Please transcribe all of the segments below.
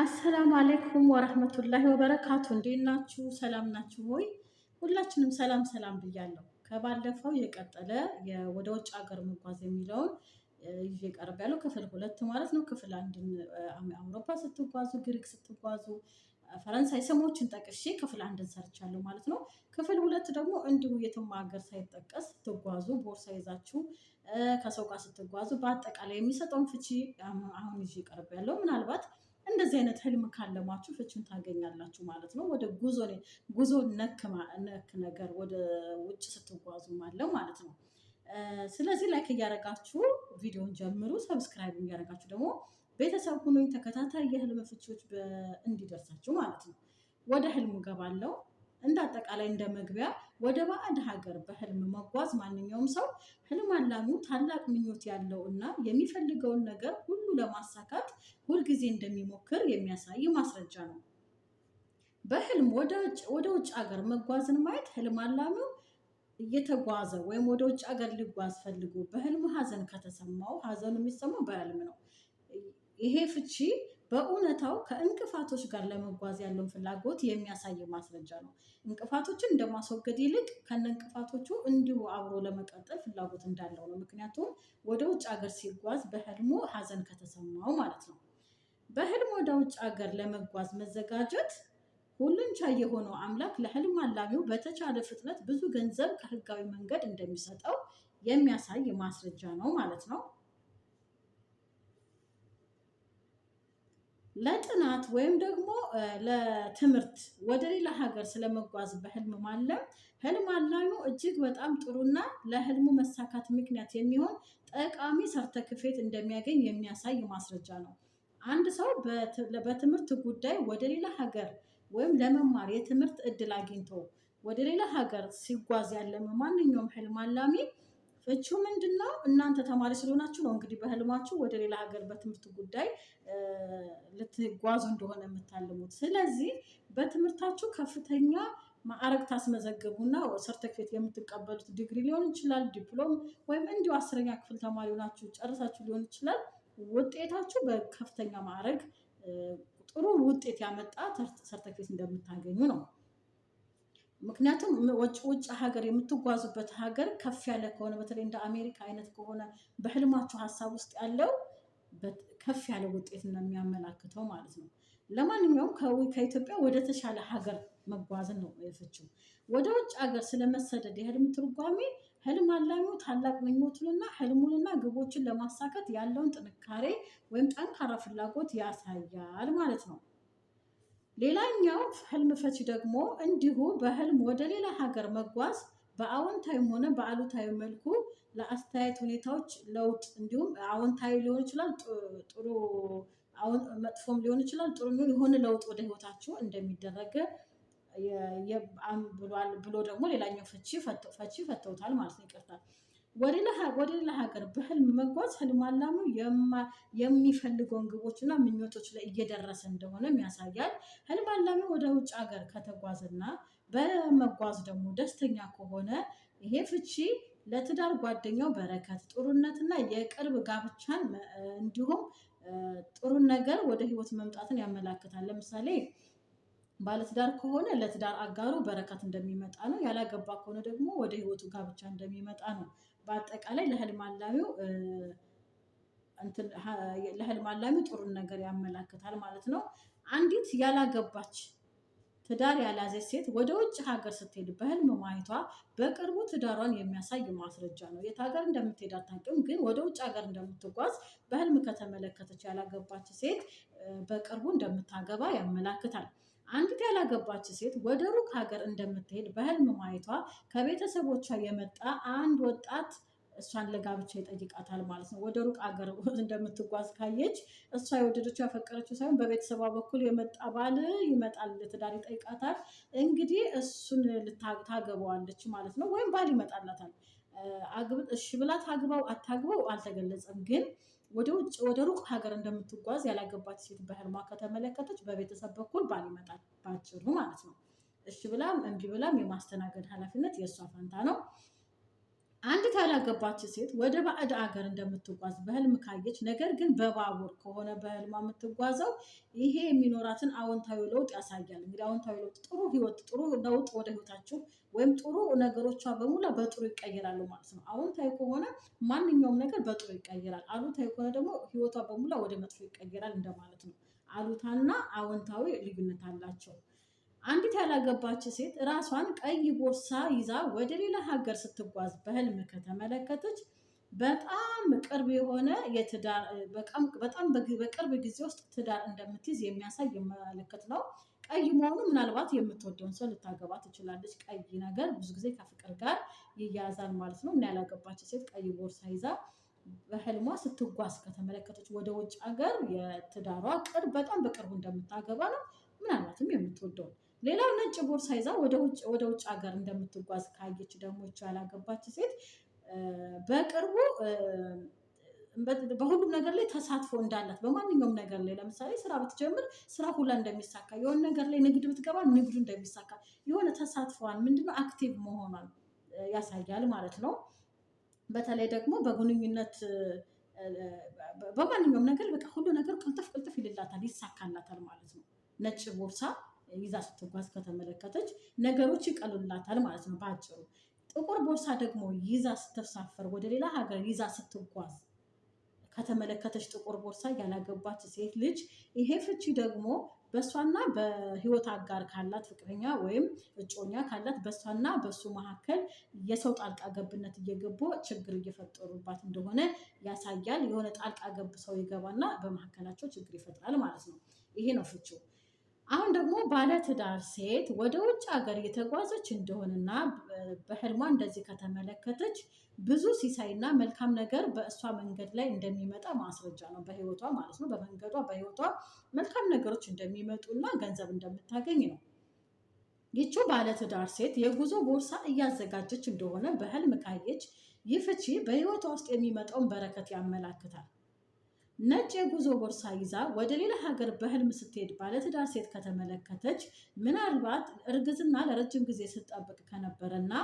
አሰላሙ አለይኩም ወረህመቱላሂ ወበረካቱ። እንዴት ናችሁ? ሰላም ናችሁ ሆይ? ሁላችንም ሰላም ሰላም ብያለሁ። ከባለፈው የቀጠለ ወደ ውጭ ሀገር መጓዝ የሚለውን ይዤ ቀርብ ያለው ክፍል ሁለት ማለት ነው። ክፍል አንድን አውሮፓ ስትጓዙ፣ ግሪክ ስትጓዙ፣ ፈረንሳይ ስሞችን ጠቅሼ ክፍል አንድን ሰርቻለሁ ማለት ነው። ክፍል ሁለት ደግሞ እንዲሁ የትም ሀገር ሳይጠቀስ ስትጓዙ፣ ቦርሳ ይዛችሁ ከሰው ጋር ስትጓዙ፣ በአጠቃላይ የሚሰጠውን ፍቺ አሁን ይዤ ቀርብ ያለው ምናልባት እንደዚህ አይነት ህልም ካለማችሁ ፍችን ታገኛላችሁ ማለት ነው። ወደ ጉዞ ጉዞ ነክ ነገር ወደ ውጭ ስትጓዙ አለው ማለት ነው። ስለዚህ ላይክ እያደረጋችሁ ቪዲዮን ጀምሩ። ሰብስክራይብ እያደረጋችሁ ደግሞ ቤተሰብ ሁኑኝ። ተከታታይ የህልም ፍቾች እንዲደርሳችሁ ማለት ነው። ወደ ህልሙ ገባለው። እንደ አጠቃላይ እንደ መግቢያ ወደ ባዕድ ሀገር በህልም መጓዝ ማንኛውም ሰው ህልም አላሚው ታላቅ ምኞት ያለው እና የሚፈልገውን ነገር ሁሉ ለማሳካት ሁልጊዜ እንደሚሞክር የሚያሳይ ማስረጃ ነው። በህልም ወደ ውጭ ሀገር መጓዝን ማየት ህልም አላሚው እየተጓዘ ወይም ወደ ውጭ ሀገር ሊጓዝ ፈልጎ በህልም ሀዘን ከተሰማው ሀዘኑ የሚሰማው በህልም ነው። ይሄ ፍቺ በእውነታው ከእንቅፋቶች ጋር ለመጓዝ ያለውን ፍላጎት የሚያሳይ ማስረጃ ነው። እንቅፋቶችን እንደማስወገድ ይልቅ ከነ እንቅፋቶቹ እንዲሁ አብሮ ለመቀጠል ፍላጎት እንዳለው ነው። ምክንያቱም ወደ ውጭ ሀገር ሲጓዝ በህልሙ ሀዘን ከተሰማው ማለት ነው። በህልም ወደ ውጭ ሀገር ለመጓዝ መዘጋጀት ሁሉን ቻይ የሆነው አምላክ ለህልም አላሚው በተቻለ ፍጥነት ብዙ ገንዘብ ከህጋዊ መንገድ እንደሚሰጠው የሚያሳይ ማስረጃ ነው ማለት ነው። ለጥናት ወይም ደግሞ ለትምህርት ወደ ሌላ ሀገር ስለመጓዝ በህልም ማለም ህልም አላኙ እጅግ በጣም ጥሩና ለህልሙ መሳካት ምክንያት የሚሆን ጠቃሚ ሰርተ ክፌት እንደሚያገኝ የሚያሳይ ማስረጃ ነው። አንድ ሰው በትምህርት ጉዳይ ወደ ሌላ ሀገር ወይም ለመማር የትምህርት እድል አግኝቶ ወደ ሌላ ሀገር ሲጓዝ ያለመ ማንኛውም ህልም አላሚ ፍቺው ምንድን ነው? እናንተ ተማሪ ስለሆናችሁ ነው እንግዲህ በህልማችሁ ወደ ሌላ ሀገር በትምህርት ጉዳይ ልትጓዙ እንደሆነ የምታልሙት። ስለዚህ በትምህርታችሁ ከፍተኛ ማዕረግ ታስመዘግቡና ሰርተፊኬት የምትቀበሉት ዲግሪ ሊሆን ይችላል፣ ዲፕሎም ወይም እንዲሁ አስረኛ ክፍል ተማሪ ሆናችሁ ጨርሳችሁ ሊሆን ይችላል። ውጤታችሁ በከፍተኛ ማዕረግ ጥሩ ውጤት ያመጣ ሰርተፊኬት እንደምታገኙ ነው። ምክንያቱም ውጭ ሀገር የምትጓዙበት ሀገር ከፍ ያለ ከሆነ በተለይ እንደ አሜሪካ አይነት ከሆነ በህልማችሁ ሀሳብ ውስጥ ያለው ከፍ ያለ ውጤት ነው የሚያመላክተው ማለት ነው። ለማንኛውም ከኢትዮጵያ ወደ ተሻለ ሀገር መጓዝን ነው የፍችው። ወደ ውጭ ሀገር ስለመሰደድ የህልም ትርጓሜ ህልም አላሚው ታላቅ ምኞቱንና ህልሙንና ግቦችን ለማሳከት ያለውን ጥንካሬ ወይም ጠንካራ ፍላጎት ያሳያል ማለት ነው። ሌላኛው ህልም ፈቺ ደግሞ እንዲሁ በህልም ወደ ሌላ ሀገር መጓዝ በአዎንታዊም ሆነ በአሉታዊ መልኩ ለአስተያየት ሁኔታዎች ለውጥ እንዲሁም አዎንታዊ ሊሆን ይችላል፣ ጥሩ መጥፎም ሊሆን ይችላል። ጥሩ የሆነ ለውጥ ወደ ህይወታቸው እንደሚደረግ ብሏል ብሎ ደግሞ ሌላኛው ፈቺ ፈተውታል ማለት ነው። ይቅርታል ወደ ሌላ ሀገር በህልም መጓዝ ህልም አላሙ የሚፈልገውን ግቦችና ምኞቶች ላይ እየደረሰ እንደሆነም ያሳያል። ህልም አላሚ ወደ ውጭ ሀገር ከተጓዘና በመጓዝ ደግሞ ደስተኛ ከሆነ ይሄ ፍቺ ለትዳር ጓደኛው በረከት፣ ጥሩነትና የቅርብ ጋብቻን እንዲሁም ጥሩ ነገር ወደ ህይወት መምጣትን ያመላክታል። ለምሳሌ ባለትዳር ከሆነ ለትዳር አጋሩ በረከት እንደሚመጣ ነው። ያላገባ ከሆነ ደግሞ ወደ ህይወቱ ጋብቻ እንደሚመጣ ነው። በአጠቃላይ ለህልም አላሚው ለህልም አላሚው ጥሩን ነገር ያመላክታል ማለት ነው። አንዲት ያላገባች ትዳር ያላዘች ሴት ወደ ውጭ ሀገር ስትሄድ በህልም ማየቷ በቅርቡ ትዳሯን የሚያሳይ ማስረጃ ነው። የት ሀገር እንደምትሄድ አታውቅም፣ ግን ወደ ውጭ ሀገር እንደምትጓዝ በህልም ከተመለከተች ያላገባች ሴት በቅርቡ እንደምታገባ ያመላክታል። አንዲት ያላገባች ሴት ወደ ሩቅ ሀገር እንደምትሄድ በህልም ማየቷ ከቤተሰቦቿ የመጣ አንድ ወጣት እሷን ለጋብቻ ይጠይቃታል ማለት ነው። ወደ ሩቅ ሀገር እንደምትጓዝ ካየች እሷ የወደደችው ያፈቀረችው ሳይሆን በቤተሰቧ በኩል የመጣ ባል ይመጣል፣ ለትዳር ይጠይቃታል። እንግዲህ እሱን ታገበዋለች ማለት ነው፣ ወይም ባል ይመጣላታል። እሺ ብላ ታግባው አታግባው አልተገለጸም። ግን ወደ ውጭ ወደ ሩቅ ሀገር እንደምትጓዝ ያላገባት ሴት በህልሟ ከተመለከተች በቤተሰብ በኩል ባል ይመጣል፣ ባጭሩ ማለት ነው። እሺ ብላም እምቢ ብላም የማስተናገድ ኃላፊነት የእሷ ፈንታ ነው። አንዲት ያላገባች ሴት ወደ ባዕድ አገር እንደምትጓዝ በህልም ካየች፣ ነገር ግን በባቡር ከሆነ በህልሟ የምትጓዘው ይሄ የሚኖራትን አዎንታዊ ለውጥ ያሳያል። እንግዲህ አዎንታዊ ለውጥ ጥሩ ህይወት፣ ጥሩ ለውጥ ወደ ህይወታችሁ ወይም ጥሩ ነገሮቿ በሙላ በጥሩ ይቀየራሉ ማለት ነው። አዎንታዊ ከሆነ ማንኛውም ነገር በጥሩ ይቀየራል። አሉታዊ ከሆነ ደግሞ ህይወቷ በሙላ ወደ መጥፎ ይቀየራል እንደማለት ነው። አሉታና አዎንታዊ ልዩነት አላቸው። አንዲት ያላገባች ሴት ራሷን ቀይ ቦርሳ ይዛ ወደ ሌላ ሀገር ስትጓዝ በህልም ከተመለከተች በጣም ቅርብ የሆነ የትዳር በጣም በቅርብ ጊዜ ውስጥ ትዳር እንደምትይዝ የሚያሳይ ምልክት ነው። ቀይ መሆኑ ምናልባት የምትወደውን ሰው ልታገባ ትችላለች። ቀይ ነገር ብዙ ጊዜ ከፍቅር ጋር ይያያዛል ማለት ነው እና ያላገባች ሴት ቀይ ቦርሳ ይዛ በህልሟ ስትጓዝ ከተመለከተች ወደ ውጭ ሀገር የትዳሯ ቅርብ በጣም በቅርቡ እንደምታገባ ነው። ምናልባትም የምትወደውን ሌላው ነጭ ቦርሳ ይዛ ወደ ውጭ ሀገር እንደምትጓዝ ካየች ደግሞ ያላገባች ሴት በቅርቡ በሁሉም ነገር ላይ ተሳትፎ እንዳላት በማንኛውም ነገር ላይ ለምሳሌ ስራ ብትጀምር ስራ ሁላ እንደሚሳካ የሆነ ነገር ላይ ንግድ ብትገባ ንግዱ እንደሚሳካ የሆነ ተሳትፏን ምንድነው አክቲቭ መሆኗን ያሳያል ማለት ነው። በተለይ ደግሞ በግንኙነት በማንኛውም ነገር በቃ ሁሉ ነገር ቅልጥፍ ቅልጥፍ ይልላታል፣ ይሳካላታል ማለት ነው ነጭ ቦርሳ ይዛ ስትጓዝ ከተመለከተች ነገሮች ይቀሉላታል ማለት ነው በአጭሩ። ጥቁር ቦርሳ ደግሞ ይዛ ስትሳፈር ወደ ሌላ ሀገር ይዛ ስትጓዝ ከተመለከተች ጥቁር ቦርሳ ያላገባች ሴት ልጅ ይሄ ፍቺ ደግሞ በእሷና በህይወት አጋር ካላት ፍቅረኛ ወይም እጮኛ ካላት በእሷና በእሱ መካከል የሰው ጣልቃ ገብነት እየገቡ ችግር እየፈጠሩባት እንደሆነ ያሳያል። የሆነ ጣልቃ ገብ ሰው ይገባና በመካከላቸው ችግር ይፈጥራል ማለት ነው። ይሄ ነው ፍቺው። አሁን ደግሞ ባለትዳር ሴት ወደ ውጭ ሀገር የተጓዘች እንደሆነና በህልሟ እንደዚህ ከተመለከተች ብዙ ሲሳይና መልካም ነገር በእሷ መንገድ ላይ እንደሚመጣ ማስረጃ ነው። በህይወቷ ማለት ነው። በመንገዷ በህይወቷ መልካም ነገሮች እንደሚመጡና ገንዘብ እንደምታገኝ ነው። ይቹ ባለትዳር ሴት የጉዞ ቦርሳ እያዘጋጀች እንደሆነ በህልም ካየች ይህ ፍቺ በህይወቷ ውስጥ የሚመጣውን በረከት ያመላክታል። ነጭ የጉዞ ቦርሳ ይዛ ወደ ሌላ ሀገር በህልም ስትሄድ ባለትዳር ሴት ከተመለከተች ምናልባት እርግዝና ለረጅም ጊዜ ስትጠብቅ ከነበረና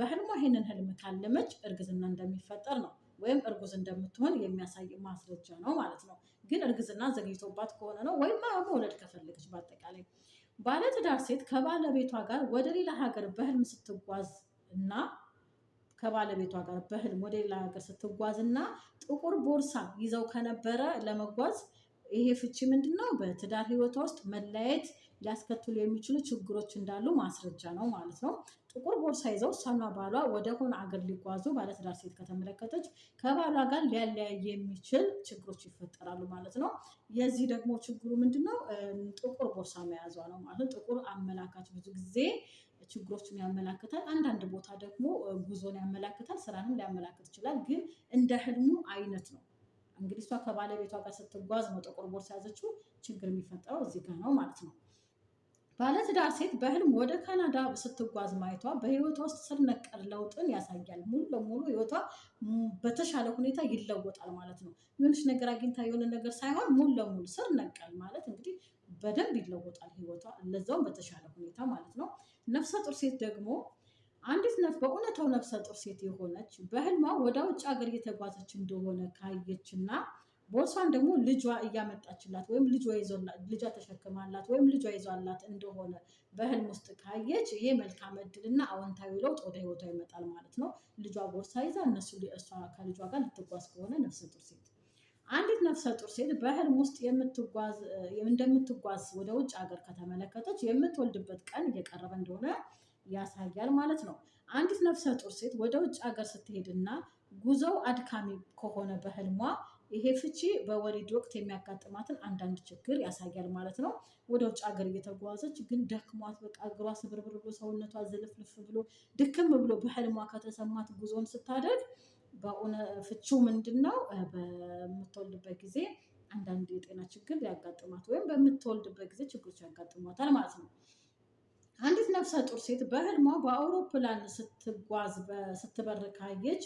በህልሟ ይህንን ህልም ካለመች እርግዝና እንደሚፈጠር ነው ወይም እርጉዝ እንደምትሆን የሚያሳይ ማስረጃ ነው ማለት ነው። ግን እርግዝና ዘግይቶባት ከሆነ ነው ወይም መውለድ ከፈለገች በአጠቃላይ ባለትዳር ሴት ከባለቤቷ ጋር ወደ ሌላ ሀገር በህልም ስትጓዝ እና ከባለቤቷ ጋር በህልም ወደ ሌላ ሀገር ስትጓዝ እና ጥቁር ቦርሳ ይዘው ከነበረ ለመጓዝ ይሄ ፍቺ ምንድን ነው? በትዳር ህይወቷ ውስጥ መለያየት ሊያስከትሉ የሚችሉ ችግሮች እንዳሉ ማስረጃ ነው ማለት ነው። ጥቁር ቦርሳ ይዘው እሷና ባሏ ወደሆነ አገር ሊጓዙ ባለትዳር ሴት ከተመለከተች ከባሏ ጋር ሊያለያይ የሚችል ችግሮች ይፈጠራሉ ማለት ነው። የዚህ ደግሞ ችግሩ ምንድን ነው? ጥቁር ቦርሳ መያዟ ነው ማለት ነው። ጥቁር አመላካች ብዙ ጊዜ ችግሮችን ያመላክታል። አንዳንድ ቦታ ደግሞ ጉዞን ያመላክታል፣ ስራንም ሊያመላክት ይችላል። ግን እንደ ህልሙ አይነት ነው። እንግዲህ እሷ ከባለቤቷ ጋር ስትጓዝ ነው ጥቁር ቦርሳ ያዘችው። ችግር የሚፈጠረው እዚህ ጋር ነው ማለት ነው። ባለትዳር ሴት በህልም ወደ ካናዳ ስትጓዝ ማየቷ በህይወቷ ውስጥ ስር ነቀል ለውጥን ያሳያል። ሙሉ ለሙሉ ህይወቷ በተሻለ ሁኔታ ይለወጣል ማለት ነው። የሆነች ነገር አግኝታ የሆነ ነገር ሳይሆን ሙሉ ለሙሉ ስር ነቀል ማለት እንግዲህ በደንብ ይለወጣል ህይወቷ፣ ለዛውም በተሻለ ሁኔታ ማለት ነው። ነፍሰ ጡር ሴት ደግሞ አንዲት ነፍ በእውነታው ነፍሰ ጡር ሴት የሆነች በህልሟ ወደ ውጭ ሀገር እየተጓዘች እንደሆነ ካየች እና ቦርሷን ደግሞ ልጇ እያመጣችላት ወይም ልጇ ተሸክማላት ወይም ልጇ ይዟላት እንደሆነ በህልም ውስጥ ካየች ይሄ መልካም እድልና አዎንታዊ ለውጥ ወደ ህይወቷ ይመጣል ማለት ነው። ልጇ ቦርሳ ይዛ እነሱ እሷ ከልጇ ጋር ልትጓዝ ከሆነ ነፍሰ ጡር ሴት አንዲት ነፍሰ ጡር ሴት በህልም ውስጥ እንደምትጓዝ ወደ ውጭ ሀገር ከተመለከተች የምትወልድበት ቀን እየቀረበ እንደሆነ ያሳያል ማለት ነው። አንዲት ነፍሰ ጡር ሴት ወደ ውጭ ሀገር ስትሄድና ጉዞው አድካሚ ከሆነ በህልሟ ይሄ ፍቺ በወሊድ ወቅት የሚያጋጥማትን አንዳንድ ችግር ያሳያል ማለት ነው። ወደ ውጭ ሀገር እየተጓዘች ግን ደክሟት በቃ እግሯ ስብርብር ብሎ ሰውነቷ ዝልፍልፍ ብሎ ድክም ብሎ በህልሟ ከተሰማት ጉዞን ስታደርግ ፍቹ ምንድን ነው? በምትወልድበት ጊዜ አንዳንድ የጤና ችግር ሊያጋጥማት ወይም በምትወልድበት ጊዜ ችግሮች ያጋጥሟታል ማለት ነው። አንዲት ነፍሰ ጡር ሴት በህልሟ በአውሮፕላን ስትጓዝ ስትበር ካየች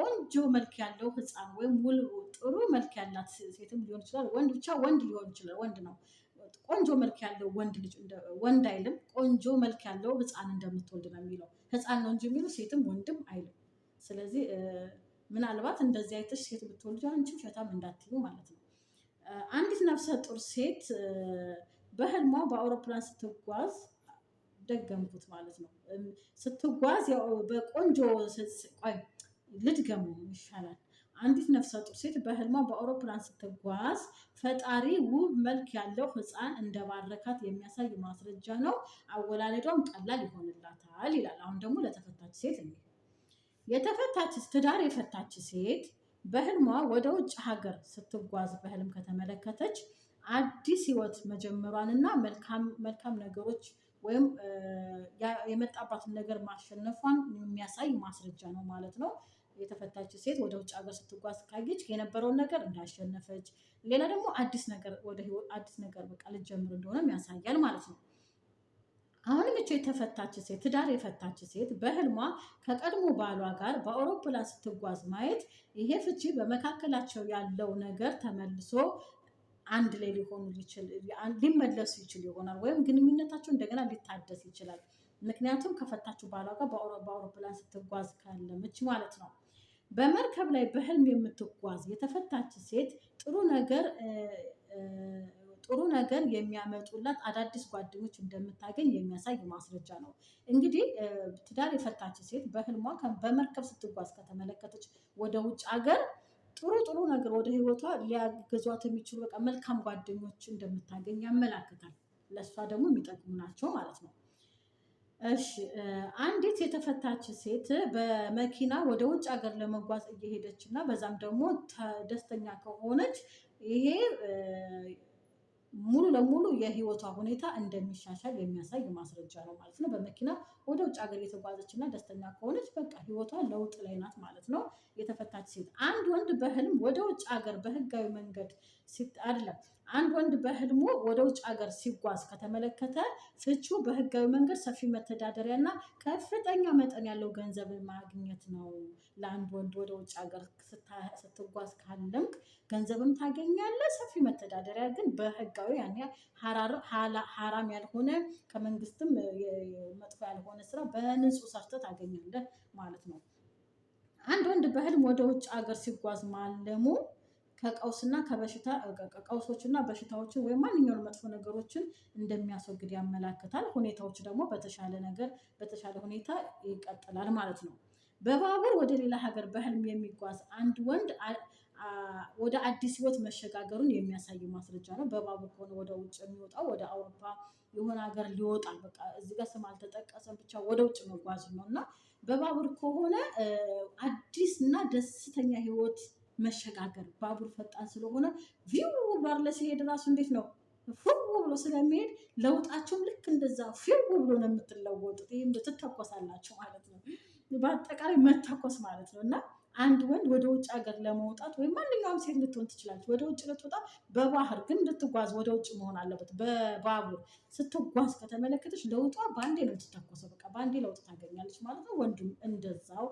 ቆንጆ መልክ ያለው ህፃን ወይም ውል ጥሩ መልክ ያላት ሴትም ሊሆን ይችላል። ወንድ ብቻ ወንድ ሊሆን ይችላል። ወንድ ነው። ቆንጆ መልክ ያለው ወንድ ልጅ ወንድ አይልም። ቆንጆ መልክ ያለው ህፃን እንደምትወልድ ነው የሚለው። ህፃን ነው እንጂ የሚሉ ሴትም ወንድም አይልም። ስለዚህ ምናልባት እንደዚህ አይተሽ ሴት ብትወልጂ አንቺ ሸታም እንዳትዩ ማለት ነው። አንዲት ነፍሰ ጡር ሴት በህልሟ በአውሮፕላን ስትጓዝ ደገምኩት ማለት ነው። ስትጓዝ በቆንጆ ቆይ ልድገሙ ይሻላል። አንዲት ነፍሰ ጡር ሴት በህልሟ በአውሮፕላን ስትጓዝ ፈጣሪ ውብ መልክ ያለው ህፃን እንደባረካት የሚያሳይ ማስረጃ ነው። አወላለዷም ቀላል ይሆንላታል ይላል። አሁን ደግሞ ለተፈታች ሴት የተፈታች ትዳር የፈታች ሴት በህልሟ ወደ ውጭ ሀገር ስትጓዝ በህልም ከተመለከተች አዲስ ህይወት መጀመሯንና መልካም ነገሮች ወይም የመጣባትን ነገር ማሸነፏን የሚያሳይ ማስረጃ ነው ማለት ነው። የተፈታች ሴት ወደ ውጭ ሀገር ስትጓዝ ካየች የነበረውን ነገር እንዳሸነፈች፣ ሌላ ደግሞ አዲስ ነገር ወደ አዲስ ነገር በቃ ልጀምር እንደሆነም ያሳያል ማለት ነው። አሁንም እቺ የተፈታች ሴት ትዳር የፈታች ሴት በህልሟ ከቀድሞ ባሏ ጋር በአውሮፕላን ስትጓዝ ማየት ይሄ ፍቺ በመካከላቸው ያለው ነገር ተመልሶ አንድ ላይ ሊሆኑ ሊመለሱ ይችል ይሆናል፣ ወይም ግንኙነታቸው እንደገና ሊታደስ ይችላል። ምክንያቱም ከፈታችሁ ባሏ ጋር በአውሮፕላን ስትጓዝ ምች ማለት ነው። በመርከብ ላይ በህልም የምትጓዝ የተፈታች ሴት ጥሩ ነገር ጥሩ ነገር የሚያመጡላት አዳዲስ ጓደኞች እንደምታገኝ የሚያሳይ ማስረጃ ነው። እንግዲህ ትዳር የፈታች ሴት በህልሟ በመርከብ ስትጓዝ ከተመለከተች ወደ ውጭ ሀገር ጥሩ ጥሩ ነገር ወደ ህይወቷ ሊያግዟት የሚችሉ በቃ መልካም ጓደኞች እንደምታገኝ ያመላክታል። ለእሷ ደግሞ የሚጠቅሙ ናቸው ማለት ነው። እሺ አንዲት የተፈታች ሴት በመኪና ወደ ውጭ ሀገር ለመጓዝ እየሄደች እና በዛም ደግሞ ደስተኛ ከሆነች ይሄ ሙሉ ለሙሉ የህይወቷ ሁኔታ እንደሚሻሻል የሚያሳይ ማስረጃ ነው ማለት ነው። በመኪና ወደ ውጭ ሀገር የተጓዘች እና ደስተኛ ከሆነች በቃ ህይወቷ ለውጥ ላይ ናት ማለት ነው። የተፈታች ሴት። አንድ ወንድ በህልም ወደ ውጭ ሀገር በህጋዊ መንገድ አይደለም። አንድ ወንድ በህልሙ ወደ ውጭ ሀገር ሲጓዝ ከተመለከተ ፍቺው በህጋዊ መንገድ ሰፊ መተዳደሪያ እና ከፍተኛ መጠን ያለው ገንዘብ ማግኘት ነው። ለአንድ ወንድ ወደ ውጭ ሀገር ስትጓዝ ካለምክ ገንዘብም ታገኛለህ፣ ሰፊ መተዳደሪያ ግን በህጋዊ ያኔ ሀራም ያልሆነ ከመንግስትም መጥፎ ያልሆነ ስራ በንጹህ ሰርተ ታገኛለህ ማለት ነው። አንድ ወንድ በህልም ወደ ውጭ ሀገር ሲጓዝ ማለሙ ከቀውስና ከበሽታ ቀውሶችና በሽታዎችን ወይም ማንኛውን መጥፎ ነገሮችን እንደሚያስወግድ ያመላክታል። ሁኔታዎች ደግሞ በተሻለ ነገር በተሻለ ሁኔታ ይቀጥላል ማለት ነው። በባቡር ወደ ሌላ ሀገር በህልም የሚጓዝ አንድ ወንድ ወደ አዲስ ህይወት መሸጋገሩን የሚያሳይ ማስረጃ ነው። በባቡር ከሆነ ወደ ውጭ የሚወጣው ወደ አውሮፓ የሆነ ሀገር ሊወጣ በቃ እዚህ ጋር ስም አልተጠቀሰም፣ ብቻ ወደ ውጭ መጓዝ ነው እና በባቡር ከሆነ አዲስ እና ደስተኛ ህይወት መሸጋገር ባቡር ፈጣን ስለሆነ ቪው ባር ለሲሄድ ራሱ እንዴት ነው ፊው ብሎ ስለሚሄድ ለውጣቸውም ልክ እንደዛ ፊው ብሎ ነው የምትለወጡት። ይህም ትተኮሳላቸው ማለት ነው። በአጠቃላይ መተኮስ ማለት ነው እና አንድ ወንድ ወደ ውጭ ሀገር ለመውጣት ወይም ማንኛውም ሴት ልትሆን ትችላለች። ወደ ውጭ ልትወጣ በባህር ግን እንድትጓዝ ወደ ውጭ መሆን አለበት። በባቡር ስትጓዝ ከተመለከተች ለውጧ በአንዴ ነው የምትተኮሰው። በቃ በአንዴ ለውጥ ታገኛለች ማለት ነው። ወንዱም እንደዛው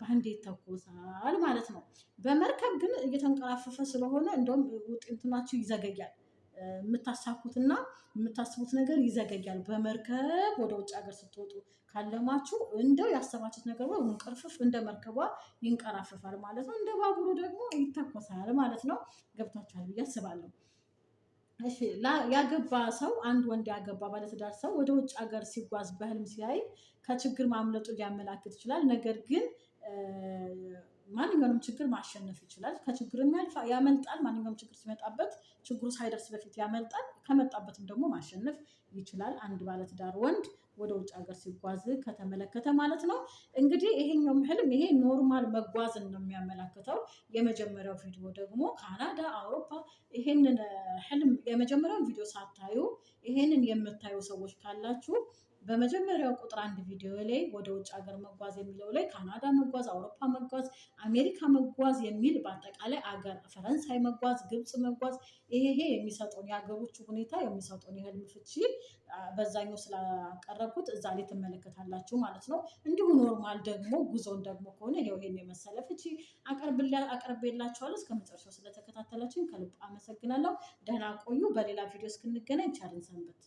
በአንድ ተኮሳል ማለት ነው። በመርከብ ግን እየተንቀራፈፈ ስለሆነ እንደውም ውጤንትናችሁ ይዘገያል። የምታሳኩትና የምታስቡት ነገር ይዘገያል። በመርከብ ወደ ውጭ ሀገር ስትወጡ ካለማችሁ እንደው ያሰባችሁት ነገር ወይ እንቅርፍፍ እንደ መርከቧ ይንቀራፍፋል ማለት ነው። እንደ ባቡሩ ደግሞ ይተኮሳል ማለት ነው። ገብታችኋል ብዬ አስባለሁ። ያገባ ሰው አንድ ወንድ ያገባ ባለትዳር ሰው ወደ ውጭ ሀገር ሲጓዝ በህልም ሲያይ ከችግር ማምለጡ ሊያመላክት ይችላል። ነገር ግን ማንኛውንም ችግር ማሸነፍ ይችላል። ከችግርም ያመልጣል። ማንኛውም ችግር ሲመጣበት ችግሩ ሳይደርስ በፊት ያመልጣል። ከመጣበትም ደግሞ ማሸነፍ ይችላል። አንድ ባለትዳር ወንድ ወደ ውጭ ሀገር ሲጓዝ ከተመለከተ ማለት ነው። እንግዲህ ይሄኛውም ህልም ይሄ ኖርማል መጓዝን ነው የሚያመላክተው። የመጀመሪያው ቪዲዮ ደግሞ ካናዳ፣ አውሮፓ ይሄንን ህልም የመጀመሪያውን ቪዲዮ ሳታዩ ይሄንን የምታዩ ሰዎች ካላችሁ በመጀመሪያው ቁጥር አንድ ቪዲዮ ላይ ወደ ውጭ ሀገር መጓዝ የሚለው ላይ ካናዳ መጓዝ፣ አውሮፓ መጓዝ፣ አሜሪካ መጓዝ የሚል በአጠቃላይ አገር ፈረንሳይ መጓዝ፣ ግብፅ መጓዝ ይሄ የሚሰጠውን የሀገሮቹ ሁኔታ የሚሰጠውን የህልም ፍቺ በዛኛው ስላቀረብኩት እዛ ላይ ትመለከታላችሁ ማለት ነው። እንዲሁ ኖርማል ደግሞ ጉዞን ደግሞ ከሆነ ይሄው ይሄን የመሰለ ፍቺ አቀርቤላችኋለሁ። እስከ መጨረሻው ስለተከታተላችን ከልብ አመሰግናለሁ። ደህና ቆዩ። በሌላ ቪዲዮ እስክንገናኝ ቸር ሰንብቱ።